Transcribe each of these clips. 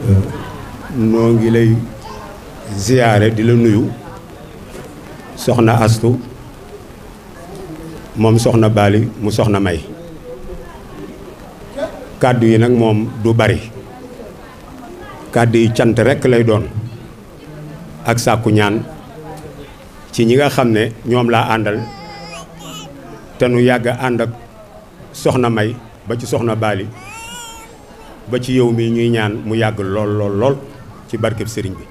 Euh, noo ngi lay ziyaare di la nuyu soxna astu moom soxna Bali mu soxna May kàddu yi nag moom du bari kàddu yi cant rekk lay doon ak sàkku ñaan ci ñi nga xam ne ñoom laa àndal te nu yàgg ànd ak soxna May ba ci soxna baali ba ci yow mi ñuy ñaan mu yàgg lool lool lool ci barkeb sëriñ bi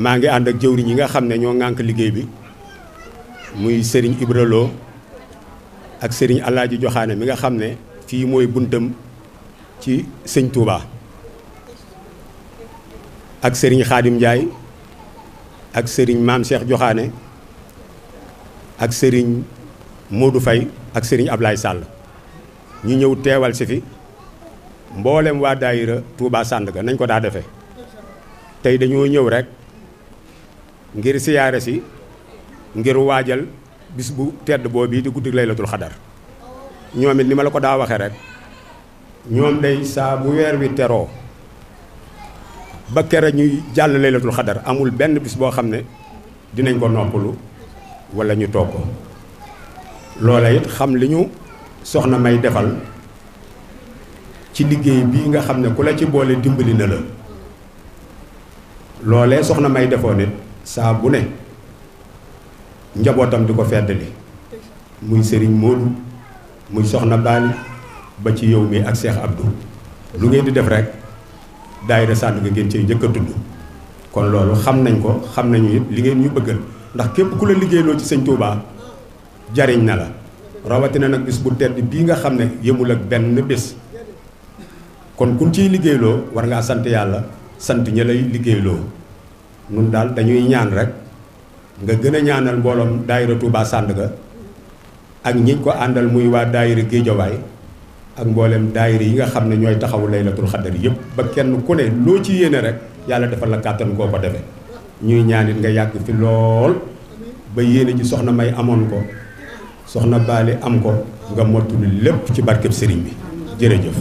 maa ngi ànd ak jëwriñ yi nga xam ne ñoo ŋànk liggéey bi muy sëriñ Ibra ak sëriñ allaaju Joxaane mi nga xam ne fii mooy buntam ci sëñ Touba ak sëriñ Xaadim Njaay ak sëriñ Maam Cheikh Joxaane ak sëriñ Modou Faye ak sëriñ Ablaye Sall ñu ñëw teewal si fi mboolem waa daayira Touba Sandaga nañ ko daa defee tey dañoo ñëw rek ngir siyaare si ngir waajal bis bu tedd boo bii di guddi laylatul xadar ñoom it ni ma la ko daa waxee rek ñoom day saa bu weer wi teroo ba kere ñuy jàll laylatul xadar amul benn bis boo xam ne dinañ ko noppalu wala ñu toog ko loola it xam li ñu soxna may defal ci liggéey bii nga xam ne ku la ci boole dimbali na la loolee soxna may defoon it saabu bu ne njabootam di ko feddali muy sëriñ Modou muy soxna Baali ba ci yow mi ak seex abdu lu ngeen di def rek daayira Sandaga ngeen cee njëkk tudd kon loolu xam nañ ko xam nañu it li ngeen ñu bëggal ndax képp ku la liggéeyloo ci sëñ Touba jariñ na la rawatina nag bis bu tedd bii nga xam ne yemul ak benn bés kon kun ciy liggéeyloo war ngaa sant yàlla sant ña lay liggéeyloo nun daal dañuy ñaan rek nga gën a ñaanal mbooloom daayira Touba Sandaga ak ñiñ ko àndal muy waa daayira Géejawaay ak mbooleem daayira yi nga xam ne ñooy taxawu laylatul xaddar yëpp ba kenn ku ne loo ci yéene rek yàlla defal la kàttan koo ko defee ñuy ñaanit nga yàgg fi lool ba yéene ji soxna May amoon ko soxna Baali am ko nga mottuli lépp ci barkeb sëriñ bi jërëjëf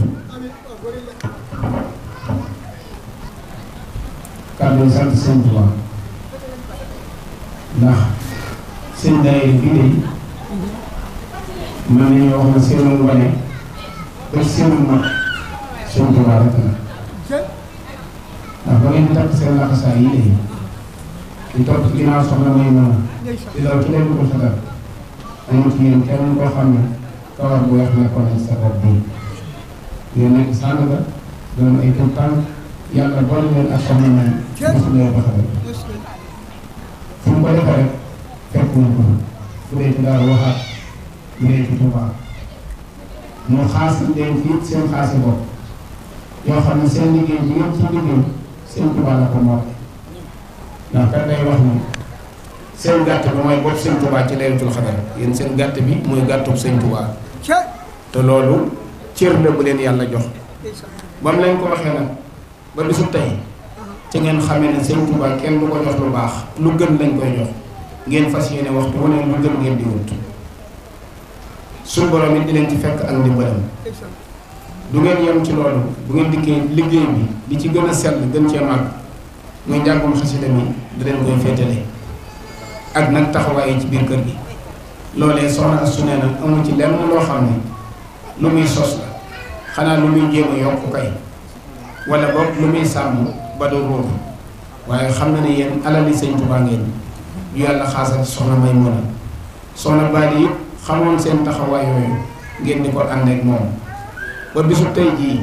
kàddu sant sëñ Tuubaa ndax seen daayira bi day mën nañu wax na seenu wane ba seenu mag sëñ Tuubaa rek la ndax ba ngeen di takk seen laxasaay yi day di topp ginnaaw soxna may mën a di daw ci leen ko fatal dañu ci yéen kenn koo xam ne kawar bu weex nekkoon nañ sa bopp bi ngeen nekk sànn la doon ay tëb yàlla boole leen ak soxna Ndeye mosu ñu ko fu mu ko defee rek fekk nañ ko bu dee ci daal waxaat bu dee ci Tuubaa ñu xaas leen fii seen xaasi bopp yoo xam ne seen liggéey bi yëpp ci liggéey seen Tuubaa la ko ci laylatul xadar yéen seen gàtt bi mooy gàttub seen te loolu cër la leen yàlla jox ba mu ko waxee nag. ba bisu tey ci ngeen xamee ne sëñ Tuubaa kenn du ko jox lu baax lu gën lañ koy jox ngeen fas yéene waxtu wu ne lu gën ngeen di wut suñu borom di leen ci fekk ak ndimbalam du ngeen yem ci loolu bu ngeen dikkee liggéey li ci gën a sell gën cee màgg muy njàngum xasida mi da leen koy féetale ak nag taxawaay ci biir kër gi loolee soxna su nee na amu ci lenn loo xam ne lu muy sos la xanaa lu muy jéem a yokk kay wala boog lu muy sàmm ba du ruux waaye xam na ne yéen alali sëñ Tuubaa ngeen yu yàlla xaasal soxna Maymuna soxna Bali it xamoon seen taxawaay yooyu ngeen di ko ànd ak moom ba bisu tey jii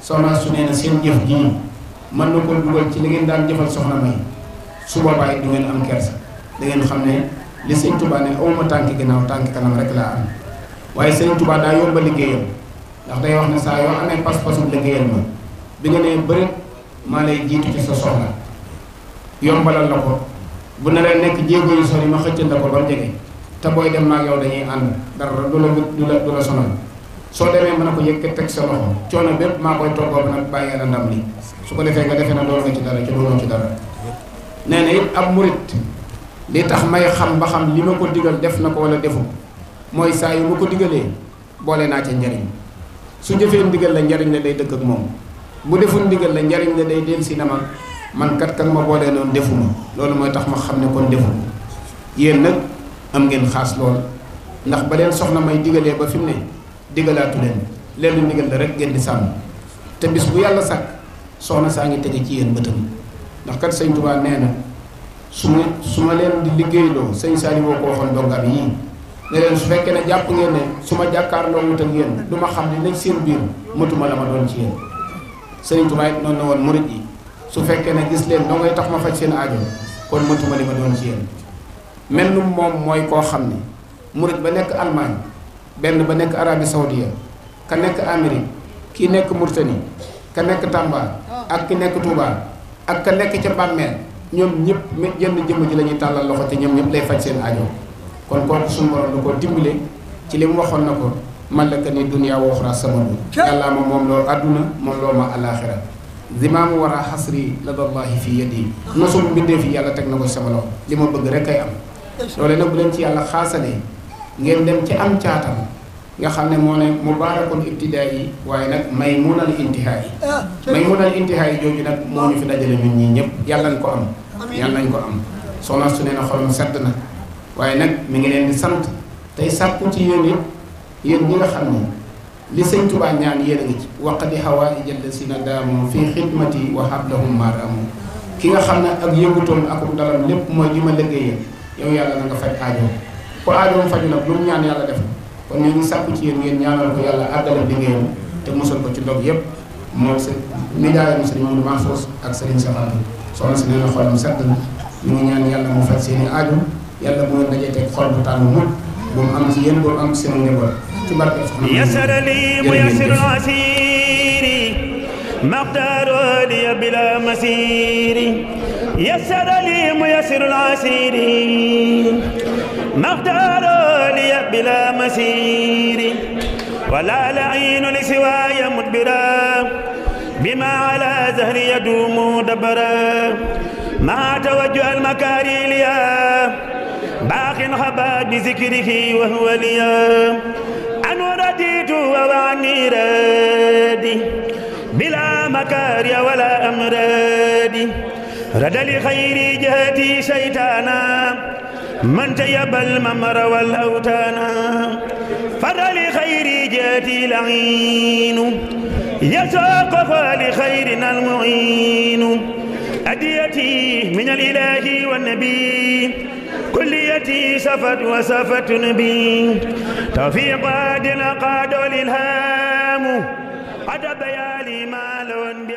soxna su nee na seen jëf jii mën na ko dugal ci li ngeen daan jëfal soxna May su boobaa it du ngeen am kersa da ngeen xam ne li sëñ Tuubaa ne awma tànk ginnaaw tànk kanam rek laa am waaye sëñ Tuubaa daa yomba liggéeyam ndax day wax ne saa yoo amee pas-pasu liggéeyal ma bi nga nee bëri maa lay jiitu ci sa soxla yombalal la ko bu ne la nekk jéego yu sori ma xëccal la ko ba jege te booy dem maag yow dañuy ànd dara du la du la du la sonal soo demee mën a ko yëkk teg sa loxo coono bépp maa koy toggoo ba nag bàyyee la ndam li su ko defee nga defee na doon nga ci dara ci doonoo ci dara nee na it ab murit li tax may xam ba xam li ma ko digal def na ko wala defu mooy saa yu ma ko digalee boole naa ca njariñ su jëfee ndigal la njariñ la day dëkk moom bu deful ndigal la njariñ la day del si na ma man kat kan ma boolee noonu defuma loolu mooy tax ma xam ne kon defuma yéen nag am ngeen xaas lool ndax ba leen soxna may digalee ba fi mu ne digalaatu leen lenn ndigal la rek gen di sàmm te bis bu yàlla sàkk soxna saa ngi tege ci yéen bëtam ndax kat sañ Tuubaa nee na su ma su ma leen di liggéeyloo sëñ Saali boo ko waxoon dongam yii ne leen su fekkee ne jàpp ngeen ne su ma jàkkaarloo wut ak yéen du ma xam ne lañ seen biir la ma ci Sëriñ Tuubaa it noonu na woon murit yi su fekkee ne gis leen doo ngay tax ma faj seen aajo kon mëntuma li ma doon ci yéen mel nu moom mooy koo xam ne murit ba nekk Allemagne benn ba nekk Arabie Saoudia ka nekk Amérique ki nekk Murtani ka nekk Tamba ak ki nekk Touba ak ka nekk ca bàmmeel ñoom ñëpp jenn jëmm ji la ñuy tàllal loxo te ñoom ñëpp lay faj seen aajo kon kooku suñu borom ko dimbale ci li mu waxoon na ko man la ka ni dunia wa uxra sabadu yàllaa ma moom loolu àdduna moom loo ma alaaxira zimaamu war a xasri ladallahi fi yadi nosul mbindeef yi yàlla teg na ko sama loxo li ma bëgg rek kay am loole nag bu leen ci yàlla xaasalee ngeen dem ci am caatam nga xam ne moo ne mu mubaarakul ibtidaa yi waaye nag maymuunal intihaa yi ah, maymuunal intihaa yi jooju nag moo ñu fi dajale ñun ñii ñëpp yàlla nañ ko am yàlla nañ ko am soo su ne na sedd na waaye nag mi ngi yéen ñi nga xam ni li sëñ Tuubaa ñaan yéen a ngi ci wax waqdi si allasina daamu fi xidmati wa hablahum maaramu ki nga xam ne ak yëngutoon ak dalam lépp mooy li ma liggéeyee yow yàlla na nga faj aajoom ku aajoom faju nag lu mu ñaan yàlla def kon ñu ngi sàkku ci yéen ko yàlla àggale liggéeyam te musal ko ci ndog yépp mooy sa nijaayam sëriñ Mamadou Mahfous ak sëriñ Safatou si nee na xolam sedd na ñu ngi ñaan yàlla mu faj seeni aajo yàlla bu ngeen dajee teg xol bu tàng mu bu mu am ci yéen bu mu am ci seen ci barke soxna yasar li muyasir asiri maqdaru li bila masiri yasar li muyasir asiri maqdaru li bila masiri ولا لعين لسواي مدبرا بما على زهري يدوم دبرا ما توجه المكاري ليا باق خبا بذكره وهو ليا رديت وعني رادي بلا مكاري ولا أمرادي رد لخير جهتي شيطانا من تيب الممر والأوتانا فر لخير جهتي لعين يسوق لخيرنا المعين أديتي من الإله والنبي كليتي سفت وسفت نبي توفيق عادل قاد الهام قد بيالي ما لون